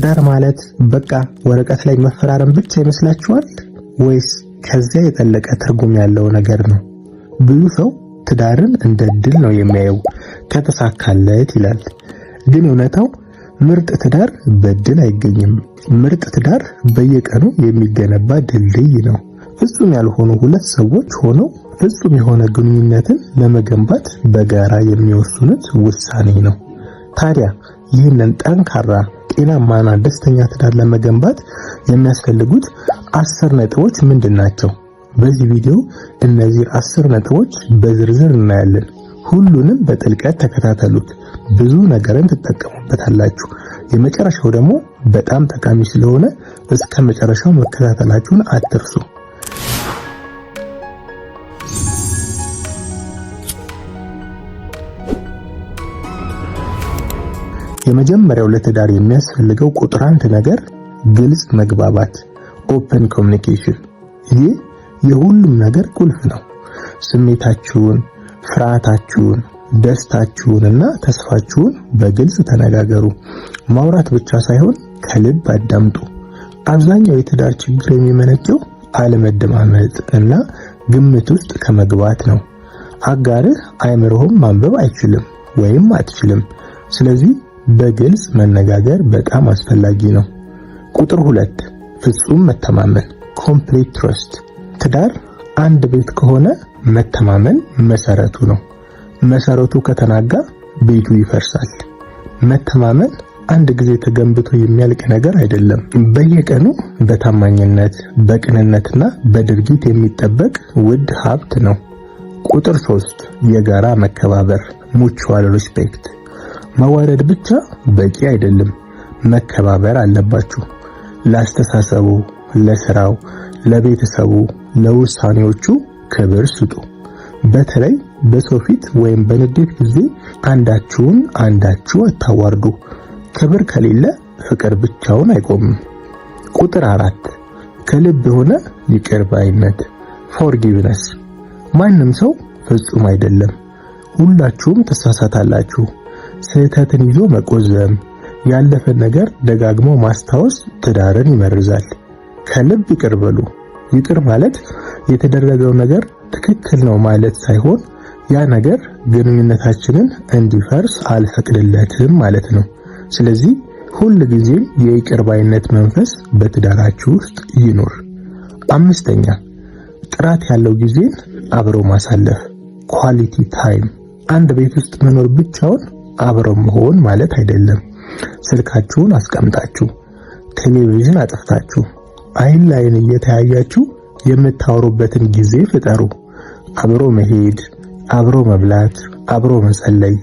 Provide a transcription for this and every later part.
ትዳር ማለት በቃ ወረቀት ላይ መፈራረም ብቻ ይመስላችኋል ወይስ ከዚያ የጠለቀ ትርጉም ያለው ነገር ነው? ብዙ ሰው ትዳርን እንደ እድል ነው የሚያየው፣ ከተሳካለት ይላል። ግን እውነታው ምርጥ ትዳር በድል አይገኝም። ምርጥ ትዳር በየቀኑ የሚገነባ ድልድይ ነው። ፍጹም ያልሆኑ ሁለት ሰዎች ሆነው ፍጹም የሆነ ግንኙነትን ለመገንባት በጋራ የሚወስኑት ውሳኔ ነው። ታዲያ ይህንን ጠንካራ ጤናማና ደስተኛ ትዳር ለመገንባት የሚያስፈልጉት አስር ነጥቦች ምንድን ናቸው? በዚህ ቪዲዮ እነዚህ አስር ነጥቦች በዝርዝር እናያለን። ሁሉንም በጥልቀት ተከታተሉት፣ ብዙ ነገርን ትጠቀሙበታላችሁ። የመጨረሻው ደግሞ በጣም ጠቃሚ ስለሆነ እስከ መጨረሻው መከታተላችሁን አትርሱ። የመጀመሪያው ለትዳር የሚያስፈልገው ቁጥር አንድ ነገር ግልጽ መግባባት ኦፕን ኮሚኒኬሽን። ይህ የሁሉም ነገር ቁልፍ ነው። ስሜታችሁን፣ ፍርሃታችሁን፣ ደስታችሁንና ተስፋችሁን በግልጽ ተነጋገሩ። ማውራት ብቻ ሳይሆን ከልብ አዳምጡ። አብዛኛው የትዳር ችግር የሚመነጨው አለመደማመጥ እና ግምት ውስጥ ከመግባት ነው። አጋርህ አይምሮህም ማንበብ አይችልም ወይም አትችልም። ስለዚህ በግልጽ መነጋገር በጣም አስፈላጊ ነው። ቁጥር ሁለት ፍጹም መተማመን ኮምፕሊት ትረስት። ትዳር አንድ ቤት ከሆነ መተማመን መሰረቱ ነው። መሰረቱ ከተናጋ ቤቱ ይፈርሳል። መተማመን አንድ ጊዜ ተገንብቶ የሚያልቅ ነገር አይደለም። በየቀኑ በታማኝነት በቅንነትና በድርጊት የሚጠበቅ ውድ ሀብት ነው። ቁጥር ሶስት የጋራ መከባበር ሙቹዋል ሪስፔክት መዋረድ ብቻ በቂ አይደለም። መከባበር አለባችሁ። ላስተሳሰቡ፣ ለስራው፣ ለቤተሰቡ፣ ለውሳኔዎቹ ክብር ስጡ። በተለይ በሰው ፊት ወይም በንዴት ጊዜ አንዳችሁን አንዳችሁ አታዋርዱ። ክብር ከሌለ ፍቅር ብቻውን አይቆምም። ቁጥር አራት ከልብ የሆነ ይቅር ባይነት ፎርጊቭነስ። ማንም ሰው ፍጹም አይደለም። ሁላችሁም ተሳሳታላችሁ። ስህተትን ይዞ መቆዘም፣ ያለፈን ነገር ደጋግሞ ማስታወስ ትዳርን ይመርዛል። ከልብ ይቅር በሉ። ይቅር ማለት የተደረገው ነገር ትክክል ነው ማለት ሳይሆን ያ ነገር ግንኙነታችንን እንዲፈርስ አልፈቅድለትም ማለት ነው። ስለዚህ ሁል ጊዜም የይቅር ባይነት መንፈስ በትዳራችሁ ውስጥ ይኖር አምስተኛ ጥራት ያለው ጊዜን አብሮ ማሳለፍ ኳሊቲ ታይም። አንድ ቤት ውስጥ መኖር ብቻውን አብረው መሆን ማለት አይደለም። ስልካችሁን አስቀምጣችሁ ቴሌቪዥን አጥፍታችሁ አይን ላይን እየተያያችሁ የምታወሩበትን ጊዜ ፍጠሩ። አብሮ መሄድ፣ አብሮ መብላት፣ አብሮ መጸለይ፣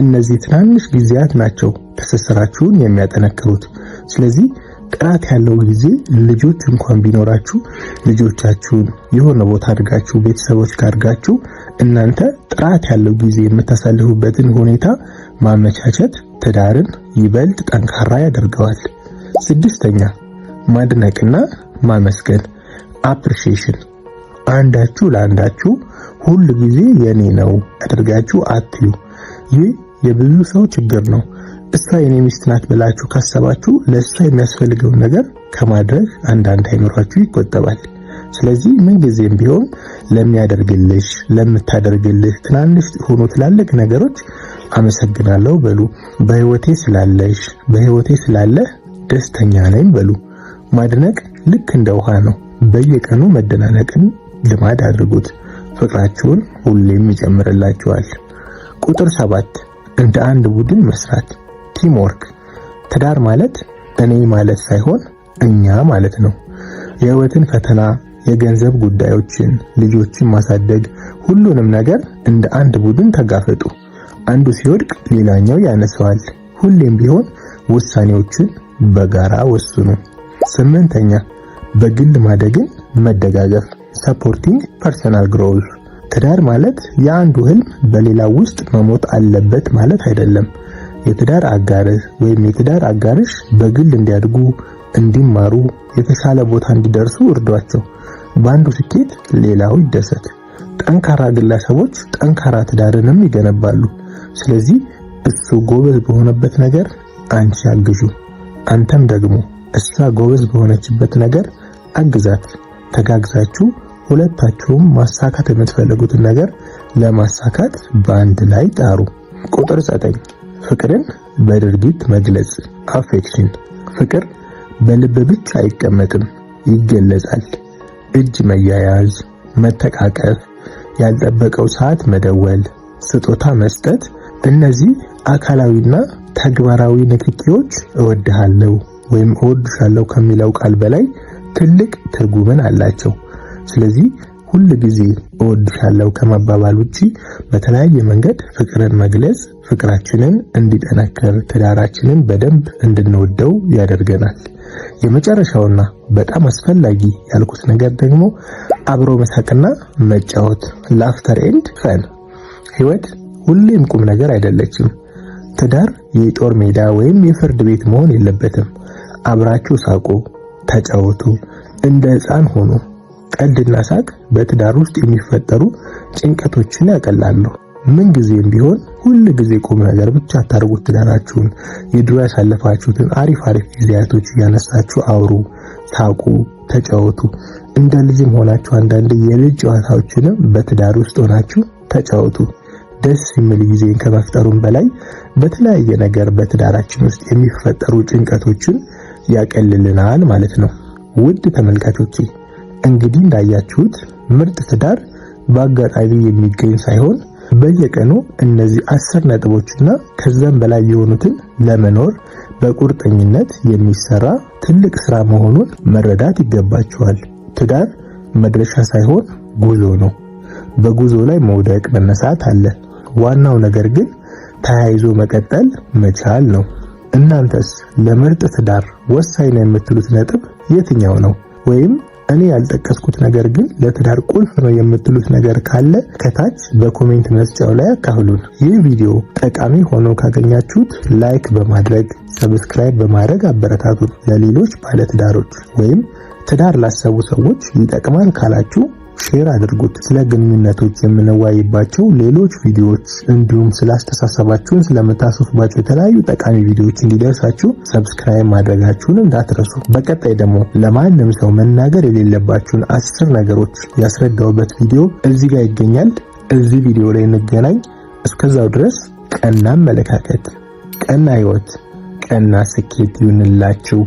እነዚህ ትናንሽ ጊዜያት ናቸው ትስስራችሁን የሚያጠነክሩት። ስለዚህ ጥራት ያለው ጊዜ ልጆች እንኳን ቢኖራችሁ ልጆቻችሁን የሆነ ቦታ አድጋችሁ ቤተሰቦች ጋር አድጋችሁ እናንተ ጥራት ያለው ጊዜ የምታሳልፉበትን ሁኔታ ማመቻቸት ትዳርን ይበልጥ ጠንካራ ያደርገዋል። ስድስተኛ ማድነቅና ማመስገን አፕሪሺዬሽን። አንዳችሁ ለአንዳችሁ ሁል ጊዜ የኔ ነው አድርጋችሁ አትዩ። ይህ የብዙ ሰው ችግር ነው። እሷ የኔ ሚስት ናት ብላችሁ ካሰባችሁ ለእሷ የሚያስፈልገውን ነገር ከማድረግ አንዳንድ አይምሯችሁ ይቆጠባል። ስለዚህ ምንጊዜም ቢሆን ለሚያደርግልሽ ለምታደርግልሽ ትናንሽ ሆኖ ትላልቅ ነገሮች አመሰግናለሁ በሉ። በህይወቴ ስላለሽ በህይወቴ ስላለህ ደስተኛ ነኝ በሉ። ማድነቅ ልክ እንደ ውሃ ነው። በየቀኑ መደናነቅን ልማድ አድርጉት። ፍቅራችሁን ሁሌም ይጨምርላችኋል። ቁጥር ሰባት እንደ አንድ ቡድን መስራት ቲም ወርክ። ትዳር ማለት እኔ ማለት ሳይሆን እኛ ማለት ነው። የህይወትን ፈተና የገንዘብ ጉዳዮችን፣ ልጆችን ማሳደግ፣ ሁሉንም ነገር እንደ አንድ ቡድን ተጋፈጡ። አንዱ ሲወድቅ ሌላኛው ያነሳዋል። ሁሌም ቢሆን ውሳኔዎችን በጋራ ወስኑ። ስምንተኛ በግል ማደግን መደጋገፍ፣ ሰፖርቲንግ ፐርሰናል ግሮውዝ። ትዳር ማለት የአንዱ ህልም በሌላው ውስጥ መሞት አለበት ማለት አይደለም። የትዳር አጋር ወይም የትዳር አጋርሽ በግል እንዲያድጉ እንዲማሩ የተሻለ ቦታ እንዲደርሱ እርዷቸው። በአንዱ ስኬት ሌላው ይደሰት። ጠንካራ ግለሰቦች ጠንካራ ትዳርንም ይገነባሉ። ስለዚህ እሱ ጎበዝ በሆነበት ነገር አንቺ አግዡ። አንተም ደግሞ እሷ ጎበዝ በሆነችበት ነገር አግዛት። ተጋግዛችሁ ሁለታችሁም ማሳካት የምትፈልጉትን ነገር ለማሳካት በአንድ ላይ ጣሩ። ቁጥር ዘጠኝ ፍቅርን በድርጊት መግለጽ አፌክሽን ፍቅር በልብ ብቻ አይቀመጥም፣ ይገለጻል። እጅ መያያዝ፣ መተቃቀፍ፣ ያልጠበቀው ሰዓት መደወል፣ ስጦታ መስጠት፣ እነዚህ አካላዊና ተግባራዊ ንክኪዎች እወድሃለሁ ወይም እወድሻለሁ ከሚለው ቃል በላይ ትልቅ ትርጉምን አላቸው። ስለዚህ ሁል ጊዜ እወድሻለሁ ከመባባል ውጪ በተለያየ መንገድ ፍቅርን መግለጽ ፍቅራችንን እንዲጠነክር፣ ትዳራችንን በደንብ እንድንወደው ያደርገናል። የመጨረሻውና በጣም አስፈላጊ ያልኩት ነገር ደግሞ አብሮ መሳቅና መጫወት፣ ላፍተር ኤንድ ፈን። ህይወት ሁሌም ቁም ነገር አይደለችም። ትዳር የጦር ሜዳ ወይም የፍርድ ቤት መሆን የለበትም። አብራችሁ ሳቁ፣ ተጫወቱ፣ እንደ ህፃን ሆኑ። ቀልድና ሳቅ በትዳር ውስጥ የሚፈጠሩ ጭንቀቶችን ያቀላሉ። ምን ጊዜም ቢሆን ሁል ጊዜ ቁም ነገር ብቻ አታርጉት። ትዳራችሁን የድሮ ያሳለፋችሁትን አሪፍ አሪፍ ጊዜያቶች እያነሳችሁ አውሩ፣ ታቁ ተጫወቱ። እንደ ልጅም ሆናችሁ አንዳንድ የልጅ ጨዋታዎችንም በትዳር ውስጥ ሆናችሁ ተጫወቱ። ደስ የሚል ጊዜን ከመፍጠሩም በላይ በተለያየ ነገር በትዳራችን ውስጥ የሚፈጠሩ ጭንቀቶችን ያቀልልናል ማለት ነው። ውድ ተመልካቾቼ እንግዲህ እንዳያችሁት ምርጥ ትዳር በአጋጣሚ የሚገኝ ሳይሆን በየቀኑ እነዚህ አስር ነጥቦችና ከዛም በላይ የሆኑትን ለመኖር በቁርጠኝነት የሚሰራ ትልቅ ስራ መሆኑን መረዳት ይገባቸዋል። ትዳር መድረሻ ሳይሆን ጉዞ ነው። በጉዞ ላይ መውደቅ መነሳት አለ። ዋናው ነገር ግን ተያይዞ መቀጠል መቻል ነው። እናንተስ ለምርጥ ትዳር ወሳኝ ነው የምትሉት ነጥብ የትኛው ነው? ወይም እኔ ያልጠቀስኩት ነገር ግን ለትዳር ቁልፍ ነው የምትሉት ነገር ካለ ከታች በኮሜንት መስጫው ላይ አካፍሉን። ይህ ቪዲዮ ጠቃሚ ሆኖ ካገኛችሁት ላይክ በማድረግ ሰብስክራይብ በማድረግ አበረታቱን። ለሌሎች ባለትዳሮች ወይም ትዳር ላሰቡ ሰዎች ይጠቅማል ካላችሁ ሼር አድርጉት። ስለ ግንኙነቶች የምንወያይባቸው ሌሎች ቪዲዮዎች እንዲሁም ስለ አስተሳሰባችሁን ስለምታስፉባቸው የተለያዩ ጠቃሚ ቪዲዮዎች እንዲደርሳችሁ ሰብስክራይብ ማድረጋችሁን እንዳትረሱ። በቀጣይ ደግሞ ለማንም ሰው መናገር የሌለባችሁን አስር ነገሮች ያስረዳውበት ቪዲዮ እዚህ ጋር ይገኛል። እዚህ ቪዲዮ ላይ እንገናኝ። እስከዛው ድረስ ቀና አመለካከት፣ ቀና ህይወት፣ ቀና ስኬት ይሁንላችሁ።